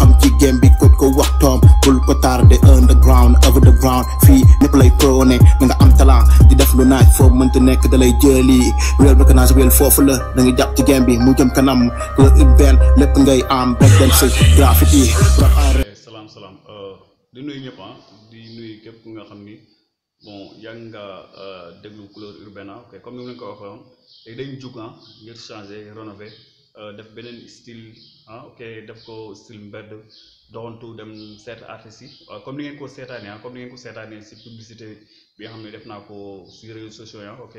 xam ci game bi ko ko waxtoom bul ko tardé underground over the ground fii ñëpp lay prôné na nga am talent di def lu naaj foo mënta nekk da lay jëli réel ba kanaa sa la da nga jàpp ci game bi mu jëm kanam la urbain lépp ngay am back then si graffiti rap salaam ờ, di nuyu ñëpp di nuyu képp nga xam ni bon yaa nga déglu couleur urbaine ok comme ni ma leen ko waxee woon léegi dañ jug ah ngir changer rénover Euh, def beneen style ah ok def ko style mbedd doxantu dem seet artistes yi comme ni ngeen ko seetaanee ah, comme ni ngeen ko seetaanee si publicité bi nga xam ne def naa ko si réseaux sociaux yi ah, ok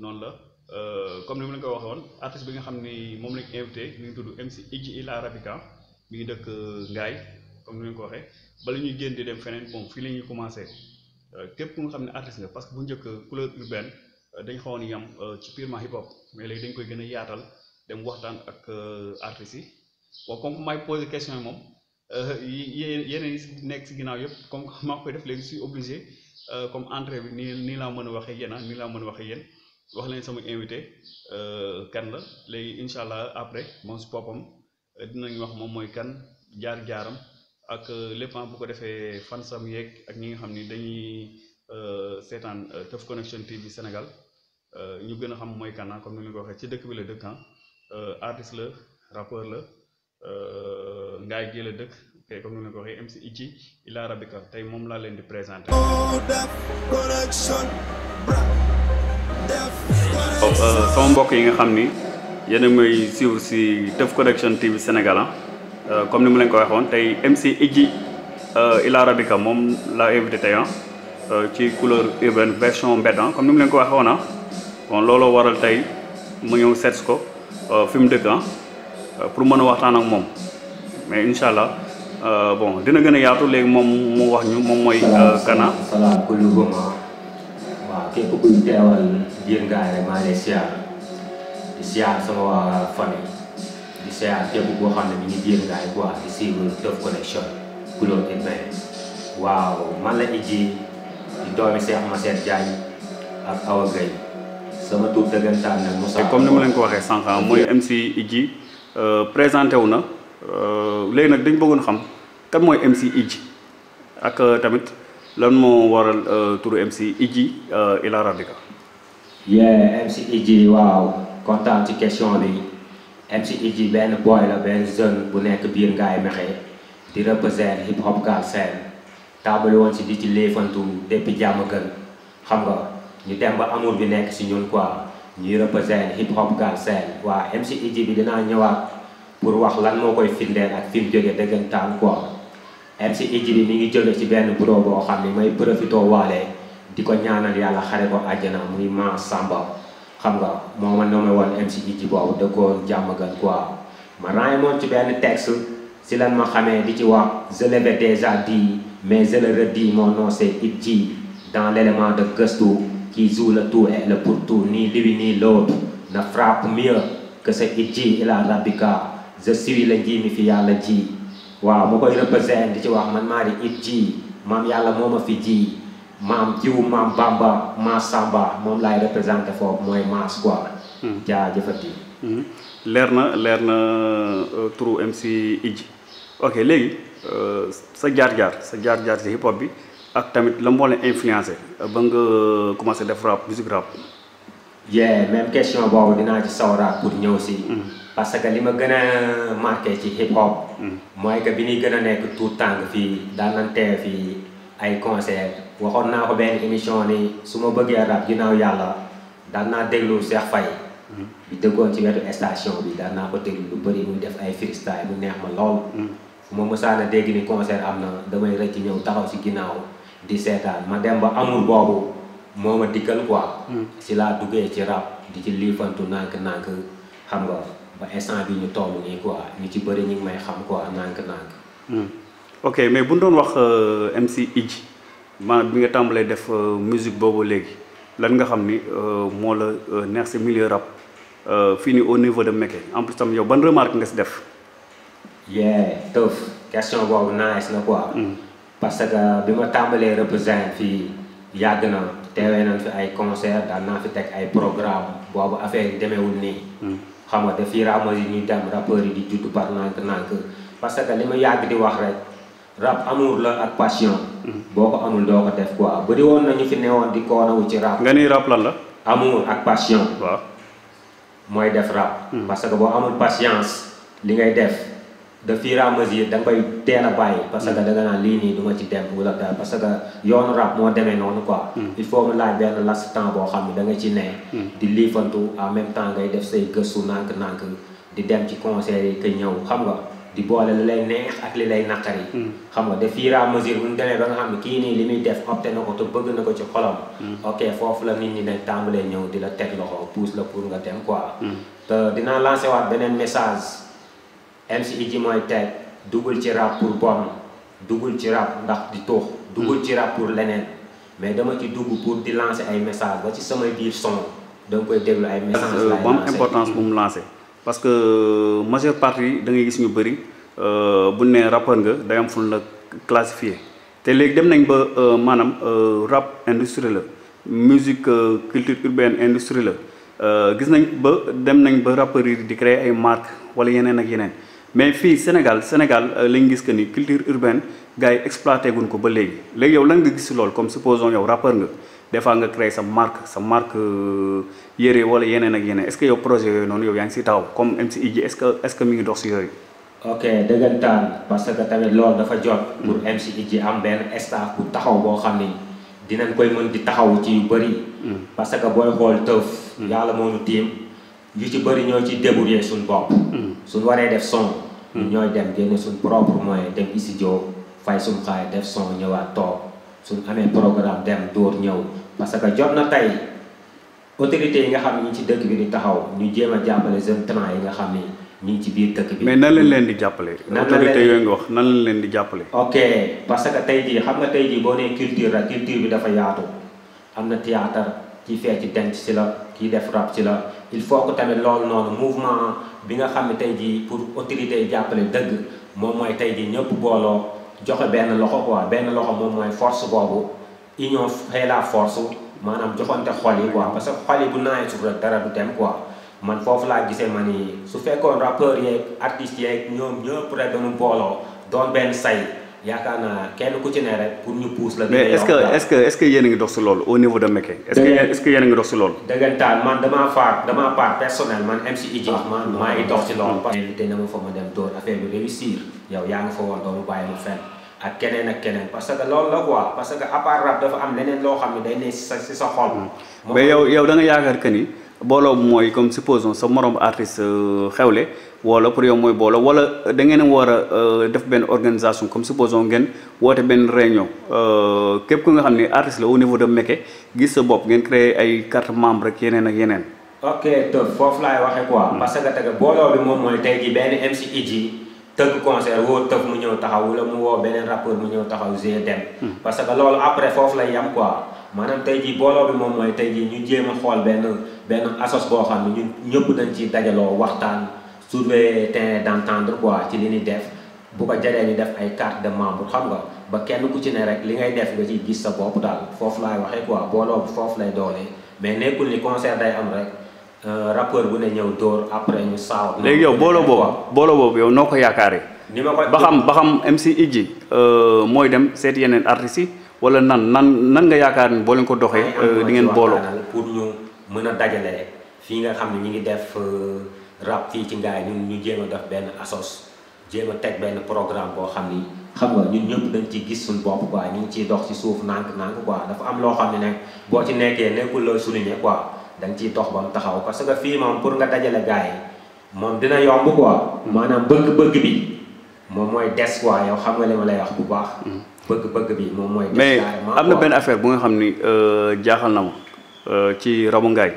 noonu la euh, comme ni ma leen ko waxoon artiste bi nga xam ni moom lañ invité mi ngi tudd MC Idji Ila Rabika mi ngi dëkk Ngaye comme ni ko waxee bala ñu génn di dem feneen bon fii la ñuy commencé euh, képp ku nga xam ne artiste nga parce que bu njëkk couleur urbaine dañ xawoon yam ci purement hip hop mais léegi dañ koy gën a yaatal. dem waxtaan ak euh, artistes yi waaw comme may poser question yi moom euh, yeneen yi si nekk si ginnaaw yëpp comme maa koy def léegi je obligé euh, comme entrée bi nii nii laa mën a waxee yéen ah nii laa mën a waxee yéen wax leen sama invité kan la léegi incha allah après moom si boppam dinañu wax moom mooy kan jaar-jaaram ak léppam ah, bu ko defee fan sam yeeg ak ñi ngi xam ni dañuy seetaan Teuf Connection TV Sénégal ñu gën a xam mooy kan ah, comme ni ñu ko waxee ci dëkk bi la dëkk ah. Euh, artiste la rappeur la euh, ngaay gi la dëkk kay comme ni tey moom laa leen di présenté waaw sama euh, mbokk yi nga xam ni yéen a may si Teuf Connection TV Sénégal comme ni mu leen ko waxoon tey MC Ichi Ila Rabika moom laa invité tey ah, ci couleur urbaine version mbedd ah, comme ni mu leen ko waxoon ah looloo waral tey mu ñëw seet ko. Uh, fim deug uh, han pour meuna waxtan ak mom mais inshallah euh bon dina gëna yaatu légui mom mu wax ñu mom moy uh, kana salam ko lu goma wa ke ko buñu malaysia di siar sama wa fami di siar ke bu go xamne ni biir ngaay quoi di siir do connection ku lo te bay sama tur dëggantaan nag Moussa. comme ni ma leen ko waxee sànq mooy MC Idji euh, présenté wu na euh, léegi nag dañ bëggoon xam kan mooy MC Idji ak euh, tamit lan moo waral turu MC Idji Ila Radika. yeah MC Idji waaw kontaan ci question bi MC Idji benn boy la benn jeune bu nekk biir Ngaye Mékhé di représente hip hop Galsen taabal woon si di ci léefantu depuis jàmm gën xam nga. ñu dem ba amour bi nekk si ñun quoi ñuy représente hip hop galsen waa MC Idji bi dinaa ñëwaat pour wax lan moo koy firndeel ak fi mu jógee dëggantaan quoi MC Idji bi ci benn bureau boo xam ne may profito waale di ko ñaanal yàlla xare ko àjjana muy ma Samba xam nga moo ma nommé woon MC Idji boobu dëkkoon jàmmagal quoi ma si lan ma xamee ci wax je l'avais déjà dit mais je le redis mon nom c'est Idji dans l'élément gëstu qui e joue le tout et le pour tout, ni lui ni l'autre, ne frappe mieux que ce Idji El Arabica. Je suis la nji fi yàlla ji waaw mu koy représente di ci wax man maa di Idji maam yàlla moo ma fi ji maam jiw maam Bamba maam Samba moom laay représenté foofu mooy maas quoi. Hmm. jaajëfati. Hmm. leer na leer na euh, turu MC Idji ok léegi euh, sa jaar-jaar sa jaar-jaar si hip hop bi. ak tamit la mbolé influencé ba nga commencé def rap musique rap yeah même question bobu dina ci sawra pour ñew ci mm-hmm. parce que lima gëna marqué ci hip hop moy mm-hmm. que biñu gëna nek tout tang fi daan fi ay concert waxon na ko ben émission ni suma bëggé rap ginaaw yalla daan na déglu cheikh fay mm-hmm. bi déggon ci wétu station bi daan na ko téglu lu bari mu def ay freestyle mu neex ma lool mo mësa na dégg ni concert am na damay rëcc ñëw taxaw ci ginaaw di seetaan ma dem ba amul boobu moo ma dikkal quoi. Hmm. si laa duggee ci rap di ci liifantu nànk-nànk xam nga ba instant bi ñu toll nii quoi ñu ci bëri ñu ngi may xam quoi nànk-nànk. Hmm. ok mais bu ñu doon wax euh, MC Idji ma bi nga tàmbalee def euh, musique boobu léegi lan nga xam ni euh, moo la neex si milieu rap fii nii au niveau de Mekke en plus tam yow ban remarque nga si def. yeah tëf question boobu nice na quoi. Hmm. parce que bi ma tàmbalee représenté fii yàgg na teewee na fi ay concert daan naa fi teg ay programme boobu affaire yi demeewul nii hmm. xam nga daf fur et à ñuy dem parce que li ma yàgg di wax rek rap amour la ak passion hmm. boo ko amul doo ko def quoi bëri woon nañu fi newoon di koonawu ci rap nga ni rap lan la amour ak passion waaw mooy def rap hmm. parce que boo amul patience li ngay def de fur et à da nga koy teel a bàyyi. Mm. parce que da nga naan lii nii du ci dem wala dara parce que yoonu rap moo demee noonu quoi. Mm. il faut mu laaj benn laps ne da nga ci ne. Mm. di liifantu en même temps ngay def say gëstu nànk di dem ci concert yi que ñëw nga di boole li lay neex ak li lay naqari. xam nga de fur et à mesure bu demee ba nga xam ne kii nii li muy def opté na ko te bëgg na ko ci xolam. ok foofu la nit ñi dañ tàmbalee ñëw di la teg loxo pousse la pour nga dem ko te dinaa lancé waat beneen message. MCE ji mooy teg duggul ci rap pour bon duggul ci rap ndax di tuux duggul ci rap pour leneen mais dama ci dugg pour di lancer ay message ba ci samay biir son da nga koy déglu ay message bu am importance bu mu lancer parce que euh, majeure partie da ngay gis ñu bëri euh, buñ ne rappeur nga day am ful la classifié te léegi dem nañ ba euh, maanaam rap industrie la musique culture urbaine industrie la gis nañ ba dem nañ ba rappeurs yi di créer ay marque wala yeneen ak yeneen mais fi Sénégal Sénégal euh, lañ gis que ni culture urbaine gars yi exploité guñ ko ba léegi léegi yow lan nga gis loolu comme supposons yow rappeur nga defa nga créer sa marque sa marque euh, yéré wala yeneen ak yeneen est ce que yow projet yooyu noonu yow yaa ngi si taw comme MC Idji est ce que est ce que mi ngi dox si yooyu ok dëggantaan parce que tamit loolu dafa jot pour MC Idji am benn staff bu taxaw boo xam ni dinañ koy mën di taxaw ci yu bëri mm. parce que booy xool tëuf mm. yàlla moo ñu tiim yu ci bëri ñoo ci débourier suñ bopp mm. suñ waree def son ñun mm-hmm. ñooy dem génne suñ propre moyen dem studio fay suñ xaay def son ñëwaat toog suñ amee programme dem dóor ñëw parce que jot na tey autorités yi nga xam ne ñu ci dëkk bi di taxaw ñu jéem a jàppale jeune talent yi nga xam ni ñu ngi ci biir dëkk bi. mais nan lañ leen di jàppale. autorité yooyu nga wax nan lañ leen di jàppale. ok parce que tey jii xam nga tey jii boo nee culture la culture bi dafa yaatu xam na théâtre ci fecc denc ci la kii def rap ci la bi nga xam ne tey jii pour autorité jàppale dëgg moom mooy tey jii ñëpp booloo joxe benn loxo quoi benn loxo moom mooy force boobu union fait la force maanaam joxante xol yi quoi parce que xol yi bu naawee suuf rek dara du dem quoi man foofu laa gisee ma ni su fekkoon rappeur yeeg artiste yeeg ñoom ñëpp rek dañu booloo doon benn say yaakaar naa kenn ku ci ne rek pour ñu pousse la bi mais est ce que est ce que est ce que yéen a ngi dox si loolu au ah. niveau de Mekeng est ce que est ce que yéen a ngi dox si loolu. dëggantaan man dama faat dama part personnel man MC Idji man maa ngi dox si loolu. parce que dina ma fa ma dem door affaire bi réussir yow yaa ngi fa war doon bàyyi ma fenn ak keneen ak keneen parce que loolu la quoi parce que à part rab dafa am leneen loo xam ne day ne si sa si sa xol. Hmm. mais yow yow da nga yaakaar que ni. booloo mooy comme supposons sa moroom artiste euh, xewle wala pour yow mooy booloo wala euh, da ngeen war a euh, def benn organisation comme supposons ngeen woote benn réunion képp ku nga xam ne artiste la au niveau de Mékhé gis sa bopp ngeen créer ay carte membre ak yeneen ak yeneen. ok to foofu laay waxee quoi. parce que teg booloo bi moom mooy tey jii benn MC Idji tëgg concert woo tëf mu ñëw taxaw wala mu woo beneen rappeur mu ñëw taxaw g dem hmm. parce que loolu après maanaam tey jii booloo bi moom mooy tey jii ñu jéem a xool benn benn asos boo xam ne ñun ñëpp dañ ci dajaloo waxtaan surveiller terrain d'entente quoi ci li ñuy def bu ko jaree ñu def ay carte de membre xam nga ba kenn ku ci ne rek li ngay def nga ciy gis sa bopp daal foofu laay waxee quoi booloo bi foofu lay doolee mais nekkul ni concert day am rek euh, rappeur bu ne ñëw dóor après ñu saaw. léegi yow booloo booba booloo boobu yow noo ko yaakaaree. ni ma ko ba xam ba xam MC Idji euh, mooy dem seeti yeneen artistes wala nan nan nan nga yaakaar ni boo leen ko doxee. Euh, di ngeen booloo pour ñu mën a dajale fii nga xam ne ñu ngi def euh, rap fii ci ngaay ñun ñu jéem a def benn asos jéem a teg benn programme boo xam ni xam nga ñun ñëpp dañ ci gis suñ bopp quoi ñu ngi ciy dox ci suuf nànk nànk quoi dafa am loo xam ne nag boo ci nekkee nekkul looy souligner quoi dañ ciy dox ba mu taxaw parce que fii moom pour nga dajale gars yi moom dina yomb quoi. Hmm. maanaam bëgg-bëgg bi moom mooy des quoi yow xam nga li ma lay bu baax. Hmm. bëgg-bëgg moom mooy. mais am na benn affaire bu nga xam ni euh, jaaxal na ma euh, ci Rabou Ngaye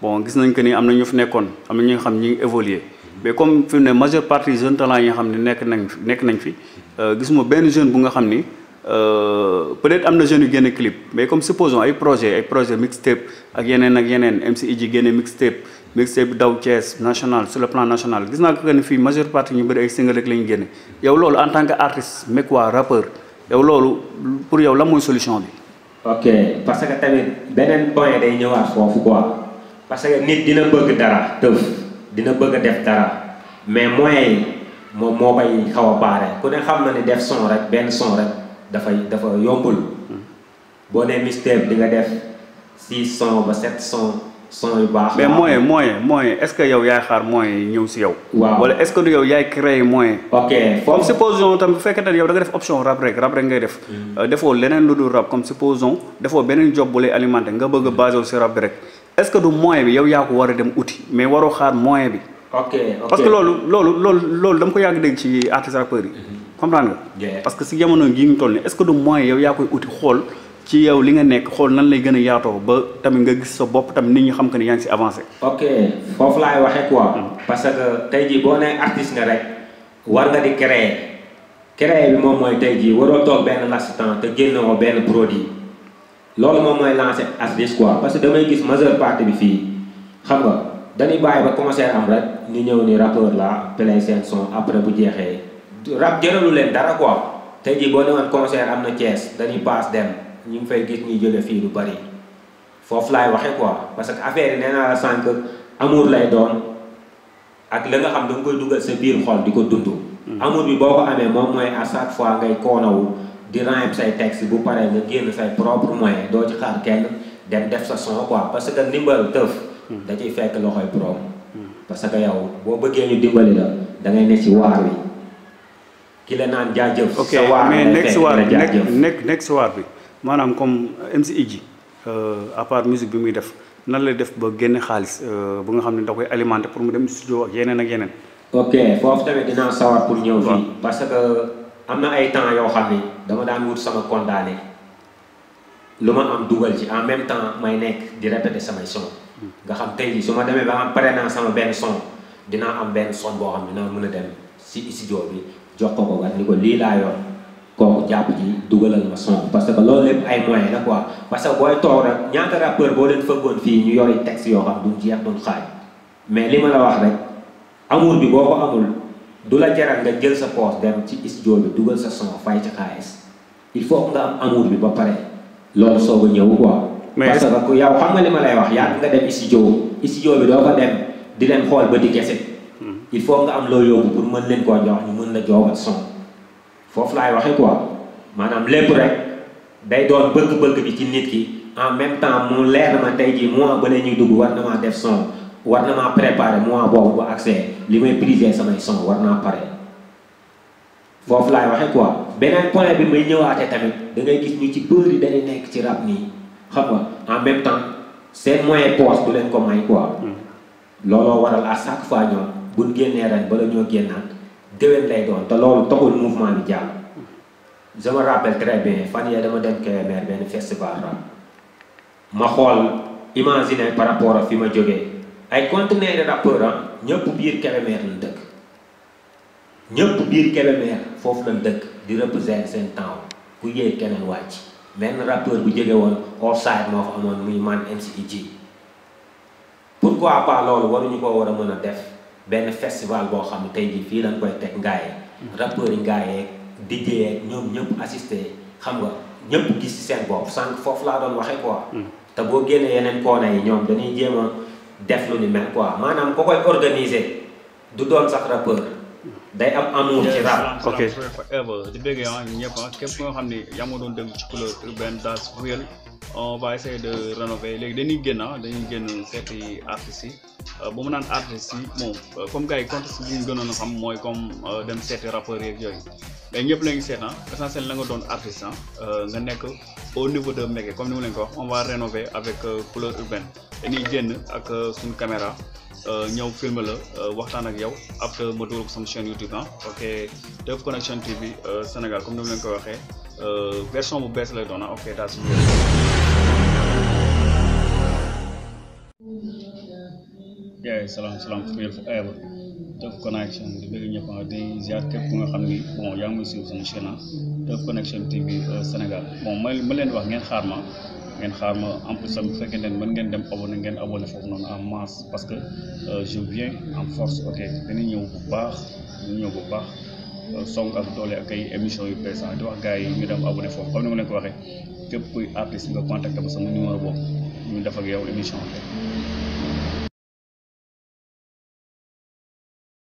bon gis nañ que ni am na ñu fi nekkoon am na ñu nga xam ñu ngi évoluer mais comme fi mu ne majeure partie jeune yi nga xam ne nekk nañ fi nekk nañ fi euh, gisuma benn jeune bu nga xam ni peut-être am na jeune yu génne clip mais comme supposons ay projet ay projet mixtape ak yeneen ak yeneen MC Idji génne mixtape mixtape daw Thiès national sur le plan national gis naa ko que ni fii majeure partie ñu bëri ay single rek génne yow loolu en tant que artiste mec waa rappeur. yow loolu pour yow la muy solution bi. ok parce que tamit beneen point day ñëwaat foofu quoi parce que nit dina bëgg dara tëf dina bëgg def dara mais moyens yi moom moo koy xaw a baare ku ne xam na ni def son rek benn son rek dafay dafa yombul hmm. boo nee mixtape di nga def six son ba sept son. son yu baax. mais moyen moyen moyen est-ce que yow yaay xaar moyen yi ñëw si yow. waaw wala est-ce que du yow yaay créer moyen. comme supposons tam bu fekkee ne yow da nga def option rap rek ngay def. Mm. Euh, defoo leneen lu dul rap comme supposons defoo beneen job bu lay alimenter nga bëgg a basé wu si rap bi rek est-ce du moyen bi yow yaa ko war a dem uti mais waroo xaar moyen bi. ok ok parce que loolu loolu loolu loolu dama ko yàgg dégg ci artistes yi. Mm-hmm. comprendre nga. parce que si jamono jii ñu toll nii est uti xool. ci yow li nga nekk xool nan lay gën a yaatoo ba tamit nga gis sa bopp tamit nit ñi xam que ni yaa ngi si avancé. ok foofu laay waxee quoi. Hmm. parce que tey jii boo nee artiste nga rek war nga di créer créer bi moom mooy tey jii waroo toog benn assistant te génnoo benn produit loolu moom mooy lancé artiste quoi parce que damay gis majeure partie bi fii xam nga dañuy bàyyi ba concert am rek ñu ñëw ni rappeur la play seen son après bu jeexee rap jëralu leen dara quoi tey jii boo ne woon concert am na Thiès dañuy paas ñu ngi fay gis ñuy jële fii lu bari foofu laay waxe quoi parce que affaire yi nee naa la sànq amour lay doon ak la nga xam da nga koy dugal sa biir xol di ko dund hmm. amour bi boo ko amee moom mooy à chaque fois ngay koonawu di ràññeeb say texte bu paree nga génn say propre doo ci xaar kenn dem def sa son quoi parce que ndimbal tëf hmm. da fekk loxoy borom hmm. parce que yow boo bëggee ñu dimbali la da ngay ne ci waar wi ki la naan jaajëf sa waar nekk nekk nekk si waar bi maanaam comme MC ji euh, à part bi muy def nan lay def ba génne xaalis euh, bu nga xam ne da koy alimenter pour mu dem studio ak yeneen ak yeneen. ok foofu tamit dinaa sawar pour ñëw fii. parce que am na ay temps yoo xam ni dama daan wut sama condamné lu ma am dugal ci en même temps may nekk di répéter samay son. nga xam tey jii su ma demee ba am pare naa sama benn son dinaa am benn son boo xam ne dinaa mën a dem si studio bi jox ko ko ni ko lii laa yor. toog jàpp ji dugalal ma son parce que loolu lépp ay moyen la quoi parce que booy toog rek ñaata rappeur boo leen fëggoon fii ñu yori texte yoo xam duñ jeex duñ xaaj mais li ma la wax rek amour bi boo ko amul du la jaral nga jël sa poos dem ci studio bi dugal sa son fay ci xaalis il faut nga am amour bi ba pare loolu soog a ñëw quoi. parce que yow xam nga li ma lay wax yaa nga dem studio studio bi doo ko dem di leen xool ba di kese. Hmm. il faut nga am loo yóbbu pour mën leen koo jox ñu mën la joobal son foofu laay waxee quoi maanaam lépp rek day doon bëgg-bëgg bi ci nit ki en même temps mu leer na ma tey jii mois bale la ñuy dugg war na ma def son war na maa préparer mois boobu ba accès li may privé samay son war na pare foofu laay waxe quoi beneen point bi may ñëwaate tamit dangay ngay gis ñu ci bëri dañuy nekk ci rab nii xam nga en même temps seen moyen poche du leen ko may quoi hmm. looloo waral à chaque fois ñoom buñ génnee ren bala ñoo génnaat déwén lay doon te loolu taxul mouvement je me rappelle très bien fan yee dama dem Kébémer benn festival rap ma xool imaginer par rapport ak fi ma jógee ay conteneur de rappeur ah, ñëpp biir Kébémer lañ dëkk ñëpp biir Kébémer foofu la dëkk di représenter seen temps ku yéeg keneen wàcc benn rappeur bu jege woon offside moo fa amoon muy man MCDG pour pas loolu waruñu ko war a mën a def benn festival boo xam ne tey jii fii lañ koy teg ngaaye mm-hmm. rappeur yi ngaaye dijjee ñoom ñëpp assisté xam nga ñëpp gis ci seen bopp foofu laa doon waxe quoi. Hmm. te boo génnee yeneen koona yi ñoom dañuy jéem a def lu ni mel quoi maanaam ku koy organiser du doon sax rappeur day am amour ci rap. ok di bëgg ah ñëpp ah képp koo xam ne yaa ma doon déglu ci couleur urbaine das réel. on va essayer de rénover léegi dañuy génn ah, dañuy génn seeti artistes yi euh, bu mu naan artistes yi moom euh, comme gars yi contexte bi xam mooy comme euh, dem seeti rappeurs yeeg yooyu mais ñëpp la ñu seet ah essentiel la nga doon artiste ah, nga nekk au niveau de Mékhé comme ni mu leen ko wax on va rénover avec couleur urbaine dañuy génn ak suñu caméra ñëw film la waxtaan ak yow après ma dugal ko sama chaîne YouTube ah ok Teuf Connection TV Sénégal comme ni mu leen ko waxee version bu bees lay doon ah ok Yeah, eey salaam salaam Fidèle forever Teuf Connection di bëgg ñëpp di ziar képp ku nga xam ni bon yaa ngi suivre seen chaîne ah. Teuf Connection TV euh, Sénégal bon ma ma leen wax ngeen xaar ma ngeen xaar ma en plus tamit bu fekkee ne mën ngeen dem abonné ngeen abonné foofu noonu en masse parce que euh, je viens en force ok dina ñëw bu baax dina ñëw bu baax euh, song ak doole ak ay émission yu bees ah, di wax gars yi ñu dem abonné foofu comme ni ma leen ko waxee képp kuy artiste nga contacté ba sama numéro boobu ñu def ak yow émission